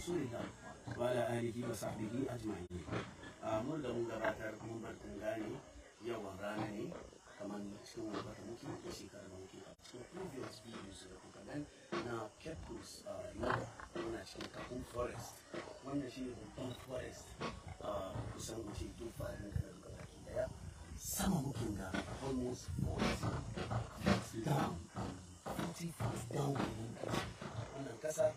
rasulillah wa ala alihi wa sahbihi ajma'in a mun da mun gabatar mun bar gane yawan rana ne kamar cikin wata muke da shekarar da muke a cikin previous videos da kuka gan na cape coast yoga muna cikin kakun forest wannan shi ne babban forest a kusan mace tufa da na duka baki daya sama muke ga almost 40 down 40 down wannan kasa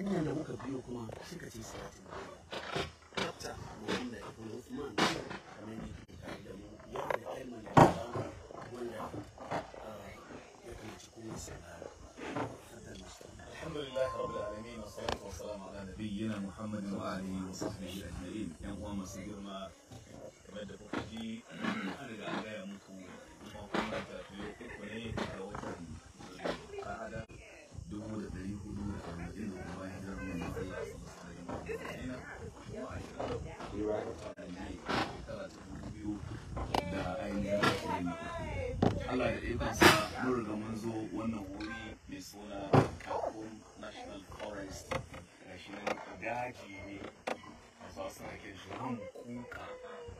hanyar da muka biyo kuma suka ce salatin hatta muhammad ibn usman kamar ne ke tare da mu ya da kalmar da ba wanda ya kamace kuma salama الحمد لله رب العالمين والصلاة والسلام على نبينا محمد وآله وصحبه أجمعين. يوم ما da ainihin Allah da ikonsa mun riga mun zo wannan wuri mai suna Kakun National Forest ga shi daji ne a kuka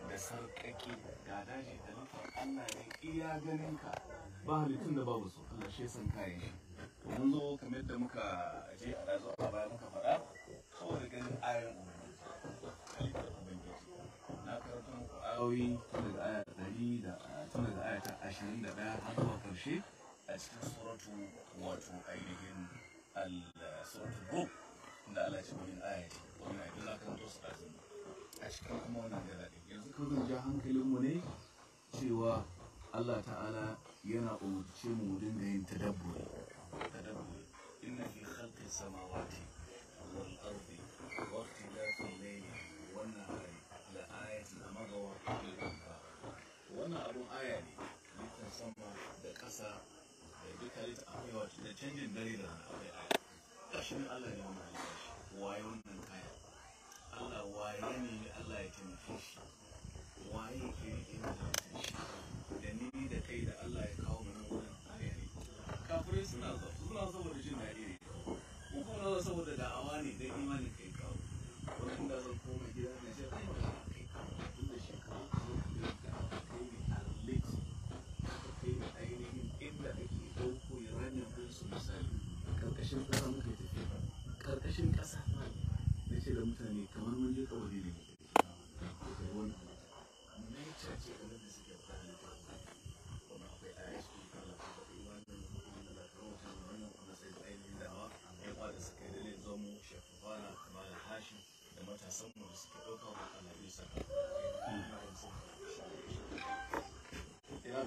da sarƙaƙe daji da ba halittun da babu su Allah shi san kayan shi. Mun zo kamar da muka je a ɗazu a baya muka faɗa sha'awar ganin ayoyin na karanta ayoyi tun daga aya ɗari da tun daga aya ta ashirin da ɗaya har zuwa a cikin suratu wato ainihin al-suratu da Allah ce wani aya ce wannan idan na karanto su da a cikin kuma wannan da daɗi yanzu ko zan ja hankalinmu ne cewa Allah ta'ala yana umarce mu dinga yin tadabburi tadabburi inna fi khalqis samawati wannan abun aya ne dukkan sama da ƙasa da duka ta amewa da canjin dare da rana akwai aya gashi Allah ne wannan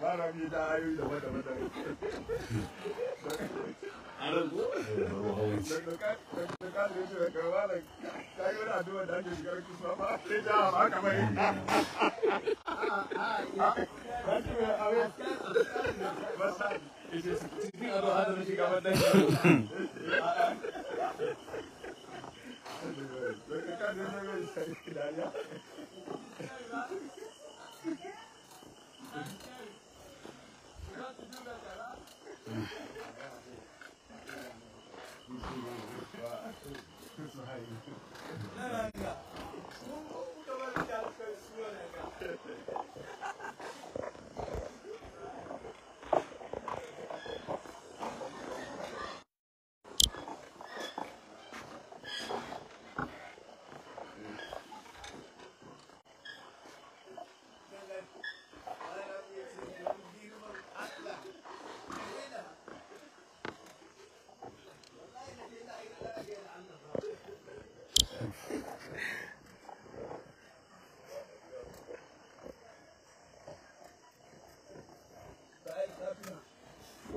바랍니 다. 여기다맞다맞 다. 알았 고? Thank you. Gracias.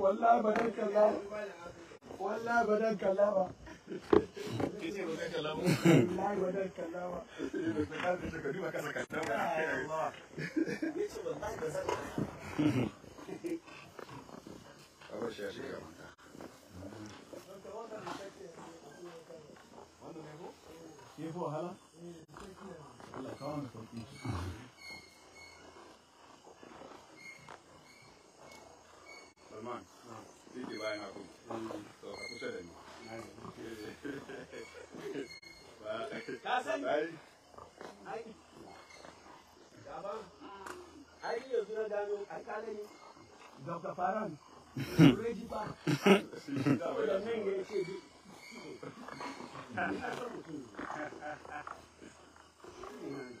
wallahi ba dan kalla ba dan kalla ba Allah Salman tí ìdè báyìí náà kù tó àkóso ẹ̀ mọ́. Dr. Farhan, ready back. Thank you.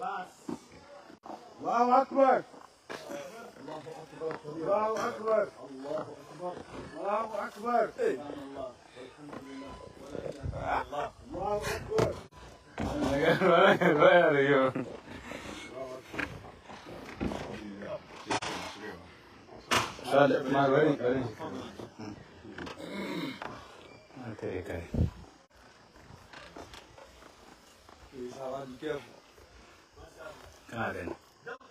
الله أكبر الله أكبر الله أكبر الله أكبر الله أكبر الله أكبر Dale, más vení, vení. Ok, ok. Karen. يا رب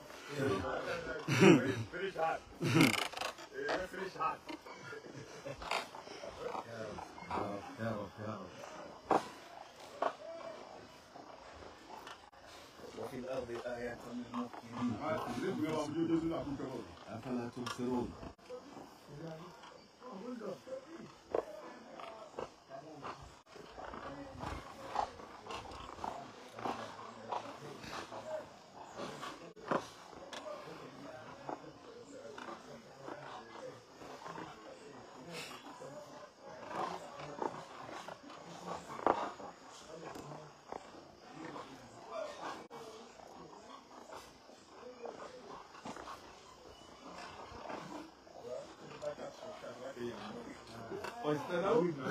يا رب يا رب وفي الارض ايات من للموقنين افلا تبصرون Pode estar na unha.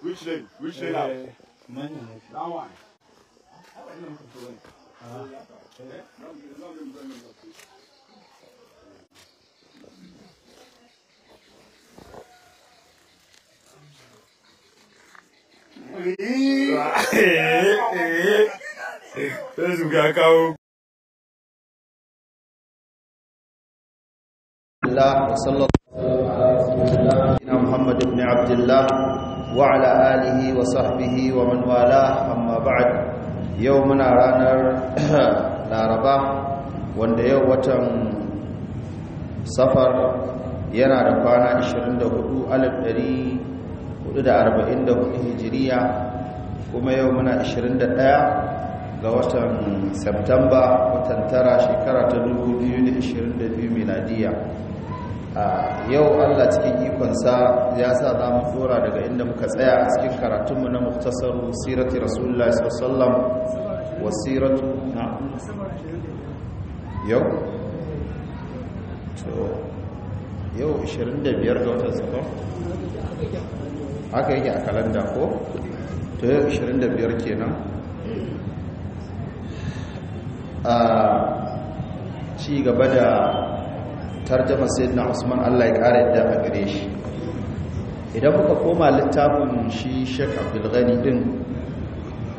Which lane? Which lane? Uh, that one. Terus juga kau. Allah alihi wa sahbihi wa man wala amma muna ranar laraba wanda yau watan safar yana da kwana 24 alif 444 hijiriya kuma yau muna 21 ga watan september watan tara shekara ta 2022 miladiya yau Allah cikin ikonsa ya sa za mu tsora daga inda muka tsaya a cikin karatunmu na muktasaru sirati rasulullah sallam wa siratu na yau yau 25 ga watan safar haka yake a kalanda ko to yau 25 kenan a ci gaba da tarjama na usman allah ya kara yadda a gare shi idan kuka koma littafin shi shek abdulghani din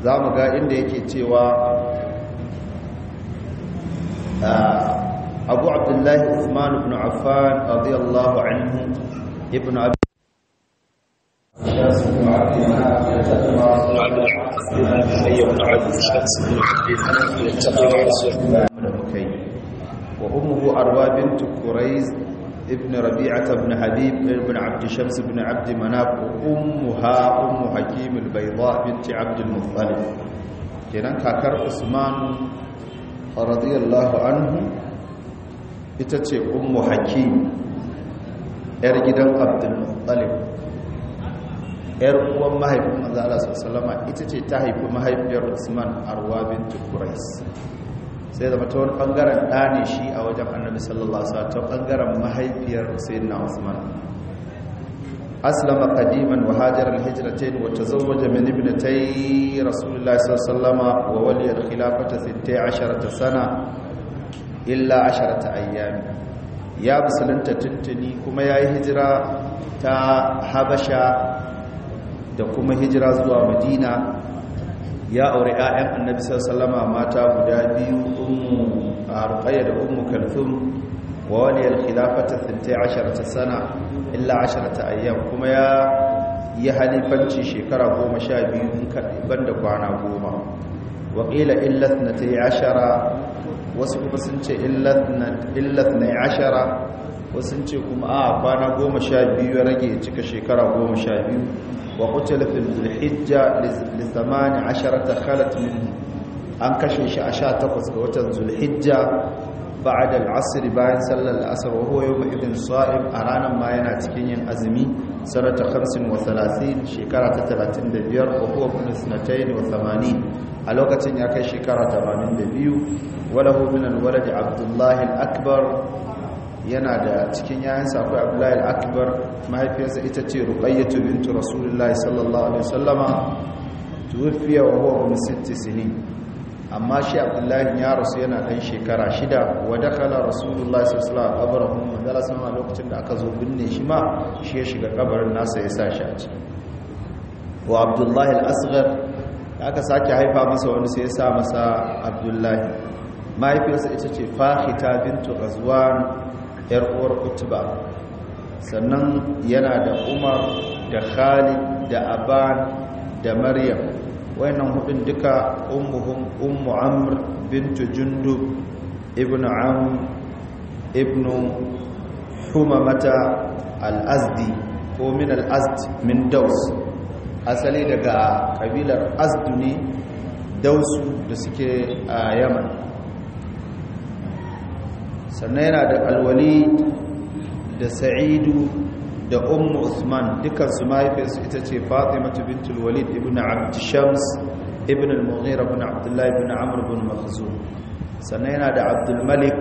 za mu ga inda yake cewa abu abdullahi usman ibn affan radiyallahu anhu ibn وأمه أروى بنت كريز ابن ربيعة بن حبيب بن عبد شمس بن عبد مناف وأمها أم حكيم البيضاء بنت عبد المطلب كنا كاكر عثمان رضي الله عنه itace أم حكيم أرجدا عبد المطلب yar uwan mahaifin manzo Allah sallama ita ce ta haifi mahaifiyar Usman Arwa bint Quraish sai zama ta wani bangaren ɗa ne shi a wajen annabi sallallahu alaihi wasallam ta bangaren mahaifiyar sayyidina Usman aslama qadiman wa hajara al-hijratayn wa tazawwaja min ibnatay Rasulillahi sallallahu alaihi wa waliya al-khilafata 16 sana illa 10 ayyam ya musulunta tuntuni kuma yayi hijira ta habasha da kuma hijira zuwa madina ya aure 'ya'yan annabi sallama mata guda biyu ummu arqaya da ummu kalthum wa wali al-khilafata sana illa 10 ayyam kuma ya yi halifanci shekara 12 in kaɗan da kwana 10 wa ta yi 12 wasu kuma sun ce illa 12 wasu sun ce kuma a kwana 12 ya rage cika shekara 12 وقتل في ذو الحجة لثمان عشرة خلت منه أنكشف شعشاء تقص قوتا ذو الحجة بعد العصر بعد صلى العصر وهو يومئذ صائم أرانا ما ينعتكين أزمي سنة خمس وثلاثين شكرة ثلاثين دبير وهو من اثنتين وثمانين ألوكة يكي شكرة ثمانين دبيو وله من الولد عبد الله الأكبر yana da cikin yayansa akwai abdullahi akbar mahaifiyarsa ita ce ruqayyatu bintu rasulullahi sallallahu alaihi wasallama tuwfiya wa huwa ibn sitti sinin amma shi abdullahi ya rasu yana dan shekara shida wa dakala rasulullahi sallallahu alaihi wasallam madala sama lokacin da aka zo binne shi ma shi ya shiga kabarin nasa ya sa shi a ciki wa abdullahi al-asghar aka sake haifa masa wani sai ya sa masa abdullahi mahaifiyarsa ita ce fahita bintu ghazwan yar uwar utba sannan yana da umar da khalid da aban da maryam wayannan hudun duka ummuhum ummu amr bintu jundub ibnu am ibnu humamata al-azdi ko min al-azd min daws asali daga kabilar azdu ne dausu da suke a yaman sannan yana da alwali da sa'idu da ummu usman dukansu mahaifinsu ita ce fatimatu bintul walid ibn abd shams ibn al-mughira ibn abdullahi ibn amr ibn makhzum sannan yana da abdul malik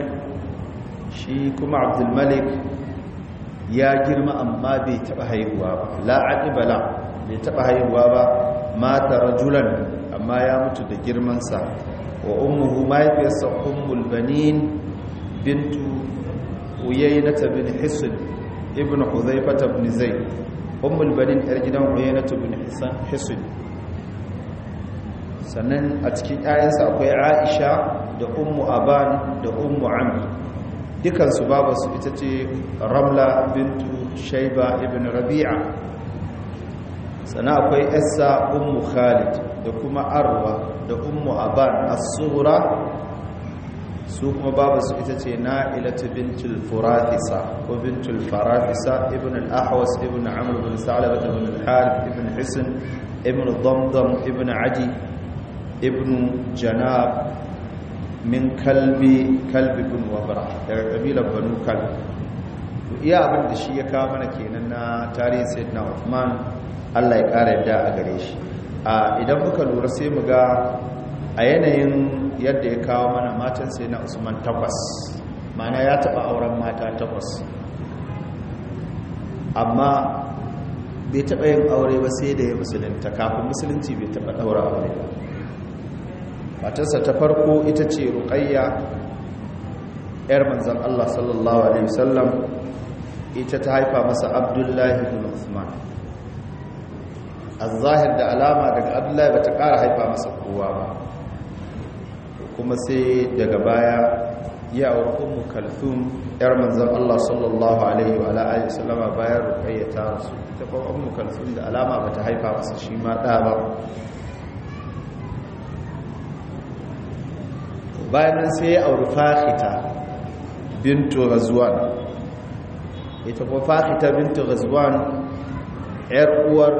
shi kuma abdul malik ya girma amma bai taba haihuwa ba la bala bai taba haihuwa ba mata rajulan amma ya mutu da girmansa wa ummuhu mahaifiyarsa ummul banin bintu uyainata bin hisin ibn huzaifata bin zai ummul banin yar gidan uyainata bin hisin sannan a cikin 'ya'yansa akwai aisha da ummu aban da ummu su dukansu su ita ce ramla bintu shaiba ibn rabi'a Sannan akwai yassa ummu khalid da kuma arwa da ummu aban as-sughra su kuma su ita ce ilata bintul furafisa ko bintul farafisa ibn al-ahwas ibn amr bin salaba ibn al-harith ibn hisn ibn damdam ibn adi ibn janab min kalbi kalbi bin wabra daga kabila banu kalb iya abin da shi ya kawo mana kenan na tarihi sayyidina uthman Allah ya kara yadda a gare shi idan muka lura sai mu ga a yanayin yadda ya kawo mana matan sai na usman takwas mana ya taba auren mata takwas amma bai taba yin aure ba sai da ya musulunta kafin musulunci bai taɓa daura aure matarsa ta farko ita ce ruƙayya 'yar manzan allah sallallahu alaihi wasallam ita ta haifa masa abdullahi bin usman a zahir da alama daga abdullahi ba ta ƙara haifa masa kowa ba kuma sai daga baya ya aure ummu kalthum yar manzon Allah sallallahu alaihi wa alihi wasallama bayan ruqayya ta rasu ita ko ummu kalthum da alama bata haifa masa shi ma da ba bayan sai ya aure fakhita bintu ghazwan ita ko fakhita bintu ghazwan yar uwar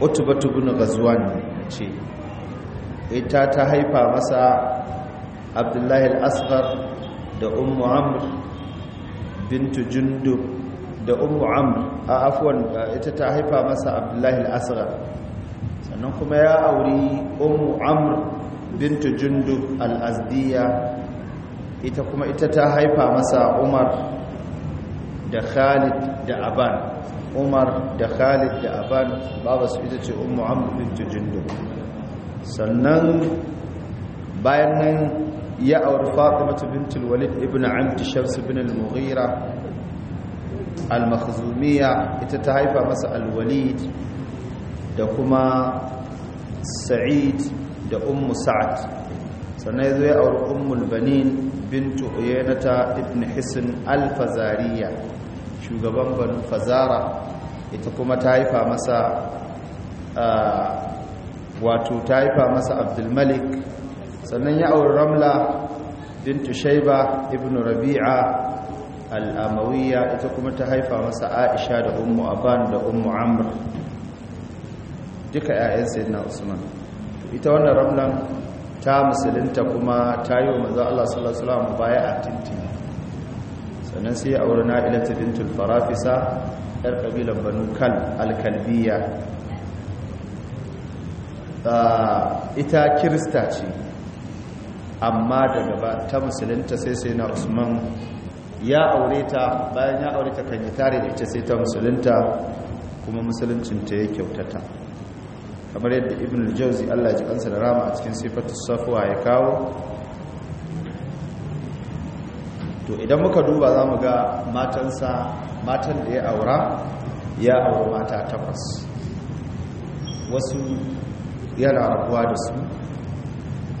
utbatu bin ghazwan ce ita ta haifa masa abdullahi al'asfar da umu amur bintu jundu da umu amur a afuwan ita ta haifa masa abdullahi al'asfar sannan kuma ya auri umu amur bintu jundu al'azdiya ita kuma ita ta haifa masa umar da khalid da aban umar da khalid da aban babasu ita ce umu amur bintu jundu. sannan bayan nan ya auri fatimata bintul walid ibn amti shams bin al-mughira al-makhzumiyya ita ta haifa masa al-walid da kuma sa'id da ummu sa'ad sannan yazo ya auri ummul banin bintu uyaynata ibn hisn al-fazariya shugaban banu fazara ita kuma ta haifa masa ah, wato ta haifa masa abdulmalik sannan ya auri ramla bintu shaiba ibn rabi'a al'amawiya ita kuma ta haifa masa aisha da ummu aban da ummu amr duka 'ya'yan sayyidina usman ita wannan ramlan ta musulunta kuma ta yi wa maza Allah sallallahu alaihi wasallam baya a titi sannan sai ya na ila bintul farafisa yar kabilan banu kal al ita kirista ce amma daga ba ta musulunta sai sai na usman ya aure ta bayan ya aure ta kan yi tare da ita sai ta musulunta kuma musuluncinta ya kyautata kamar yadda ibn al-jawzi Allah ji kansa da rama a cikin sifatu safuwa ya kawo to idan muka duba za mu ga matansa matan da ya aura ya aure mata takwas wasu yana rabuwa da su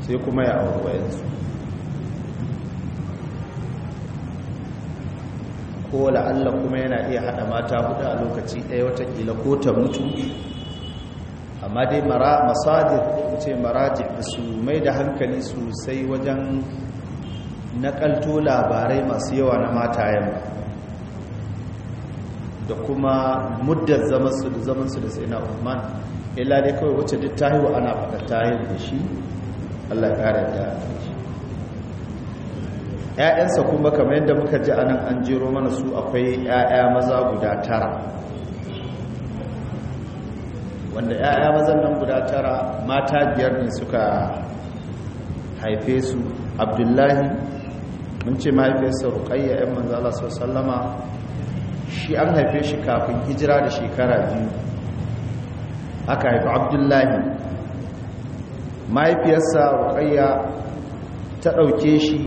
sai kuma ya auri wayansu ko la'alla kuma yana iya haɗa mata hudu a lokaci daya watakila ko ta mutu amma dai masadir ce maraji su mai da hankali sosai wajen nakalto labarai masu yawa na mata yamma. da kuma muddar zamansu da zamansu da sai na Uthman illa dai kawai wacce duk ta haihu ana faɗa haihu da shi Allah ƙara da ‘ya'yansa kuma kamar yadda muka ji anan an jero mana su akwai ‘ya'ya maza guda tara wanda ‘ya'ya mazan nan guda tara mata biyar ne suka haife su abdullahi mun ce mahaifiyarsa ruƙayya ‘yan manzala sallama shi an haife shi kafin hijira da shekara biyu aka haifi abdullahi mahaifiyarsa ruƙayya ta ɗauke shi